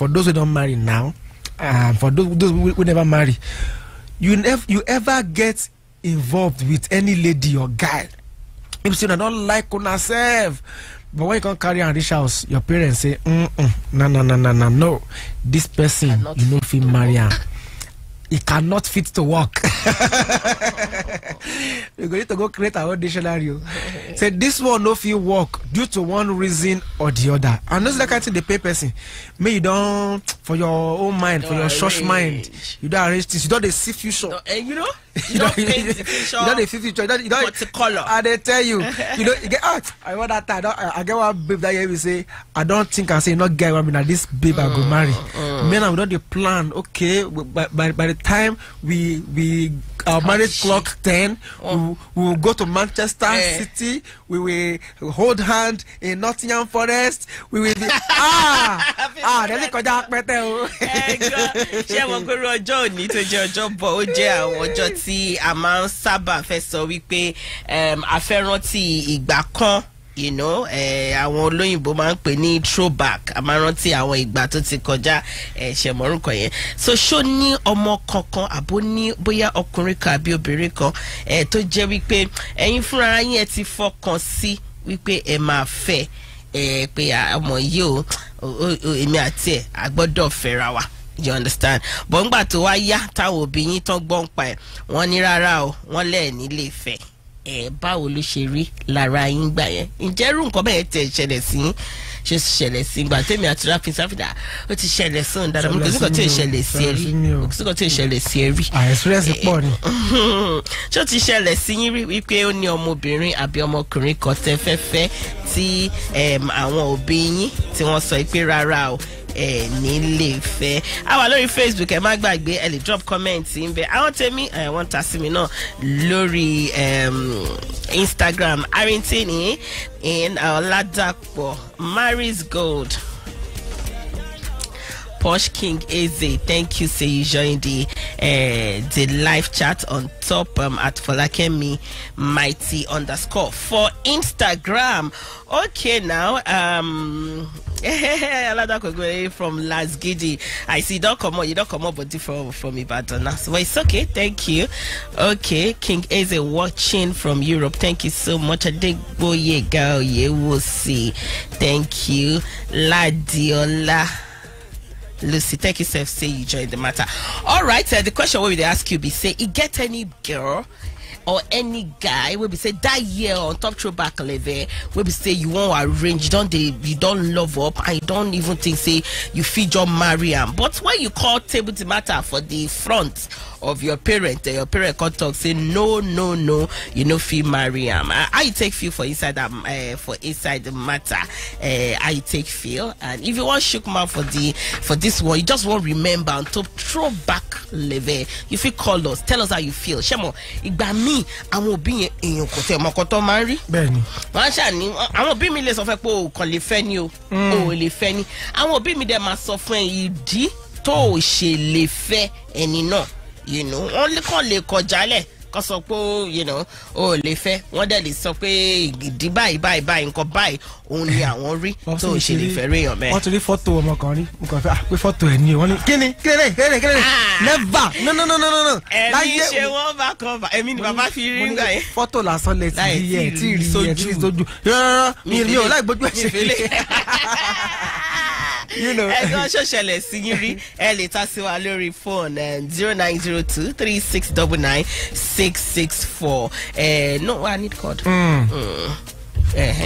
for those who don't marry now, and for those, those who, who never marry, you, never you ever get involved with any lady or guy if say una don like una sef but when you come carry am reach house your parents say mm -mm, na na na na na no this person you no fit marry am e cannot fit to work we go need to go create our own dictionary o oh. say this one no fit work due to one reason or the other and no say that kind thing dey pay person make you don for your own mind for your church mind you don arrange things you don dey see future. No, eh, you know you don paint the you don dey see future you don you don i dey tell you you know you get ah i remember that time i don i, get one babe that year be say i don think am say e no get one be na this babe mm, i go mm, marry mm. me and am don dey plan okay by, by by the time we we our marriage clock ten. Oh. We, will go to Manchester eh. City. We will hold hand in Nottingham Forest. We will be. ah! ah! Lẹ́ni kọjá pẹ́tẹ́ o. Ṣé mo pé ọjọ́ òní tó jẹ́ ọjọ́ bọ̀ ó jẹ́ àwọn ọjọ́ tí a máa ń sábà fẹ́ sọ wípé a fẹ́ rántí ìgbà kan you know eh, àwọn olóyìnbó máa ń pè ní throwback a máa rántí àwọn ìgbà tó ti kọjá ṣẹmọrúkọ yẹn so ṣó ní ọmọ kankan àbó ní bóyá ọkùnrin kan àbí obìnrin kan tó jẹ́ wípé ẹ̀yin fúnra yín ẹ ti fọkàn sí wípé ẹ máa fẹ́ ẹ pé ọmọ yìí o èmi àti ẹ a gbọ́dọ̀ wa you understand bọ́ngbà tó wá yá táwọn òbí yín tán gbọ́n pa ẹ̀ wọ́n ní rárá o wọ́n lẹ́ẹ̀ nílé ìfẹ́ ẹ báwo ló ṣe rí lára yín gbà yẹn ǹjẹ́ irú nǹkan bẹ́ẹ̀ tẹ̀ ṣẹlẹ̀ sí ṣe ṣẹlẹ̀ sí gbà tẹ̀mí àti ráfin sáfìdá ó ti ṣẹlẹ̀ sí dáadáa mo kò sí kan tí ì ṣẹlẹ̀ sí ẹ rí àìsúrẹ́sì pọ̀ ni. ṣé ó ti ṣẹlẹ̀ sí yín rí wípé ó ní ọmọbìnrin àbí ọmọkùnrin kan tẹ́ fẹ́fẹ́ tí àwọn òbí yín tí wọ́n sọ pé rárá o ẹ nílé fẹ́ a wà lórí facebook ẹ má gbàgbé ẹ lè drop comment ń bẹ àwọn tèmi ẹ wọ́n ta sí mi náà lórí instagram arintini ọ̀làdàpọ̀ maris gold. Posh King Az, Thank you, say you joined the uh, the live chat on top um, at Falakemi Mighty underscore for Instagram. Okay, now um. from Las Gidi. I see don't come up, you don't come up but different from me, but Ibadan. So well, it's okay, thank you. Okay, King Eze watching from Europe. Thank you so much. I think boy yeah girl, yeah, we'll see. Thank you. La Diola. Lucy. Thank you, Seth. Say you joined the matter. All right. Uh, the question we will ask you be say, you get any girl or any guy wey be say that year on top back level wey be say you won't arrange you don dey you don't love up I don't even think say you fit your marry but when you call table the matter for the front of your parent eh, your parent come talk say no no no you no fit marry am ah, how you take feel for inside uh, for inside the matter uh, how you take feel and if you want shook mouth for the for this one you just won't remember on top throw back level you fit call us tell us how you feel ṣé mo ìgbà míì àwọn òbí yẹn èèyàn kò tẹ ọmọkọ tó máa ń rí. bẹ́ẹ̀ni. wọn á ṣàní àwọn òbí mi lè sọ fún ẹ pé o kàn lè fẹ́ ni o hmm. o lè fẹ́ ni àwọn òbí mi dẹ̀ máa sọ fún ẹ ìdí tó ṣe lè fẹ́ ẹni náà you know wọn kàn lè kọjálẹ̀ kọ́ sọ pé you know o ò lè fẹ́ wọ́n dẹ̀ lè sọ pé ìdí báyìí báyìí báyìí nǹkan báyìí òun ni àwọn rí tó o ṣe lè fẹ́ rí èèyàn mẹ́ẹ̀. wọ́n ti rí fọ́tò ọmọkùnrin mo kàn fẹ́ ah, pé fọ́tò ẹ̀ ni wọ́n ní kíni kíni kíni kíni ah. never no no no no no. ẹ̀mí ṣe wọ́n bá kọ́ bá ẹ̀mí ni bàbá fi rí nígbà yẹn. fọ́tò lásán lẹ ti rí ẹ̀ tí ì rí ẹ̀ tí ì sojú rárá mi ò láì gbójú ẹ̀ ṣe. you know. ẹ̀gbọ́n ṣọ̀ṣẹlẹ̀ sí yín rí ẹ lè ta sí wa lórí fóònù eh, zero nine zero two three six double nine six six four. Eh, no I need code. Mm. Mm. Uh eh, -huh.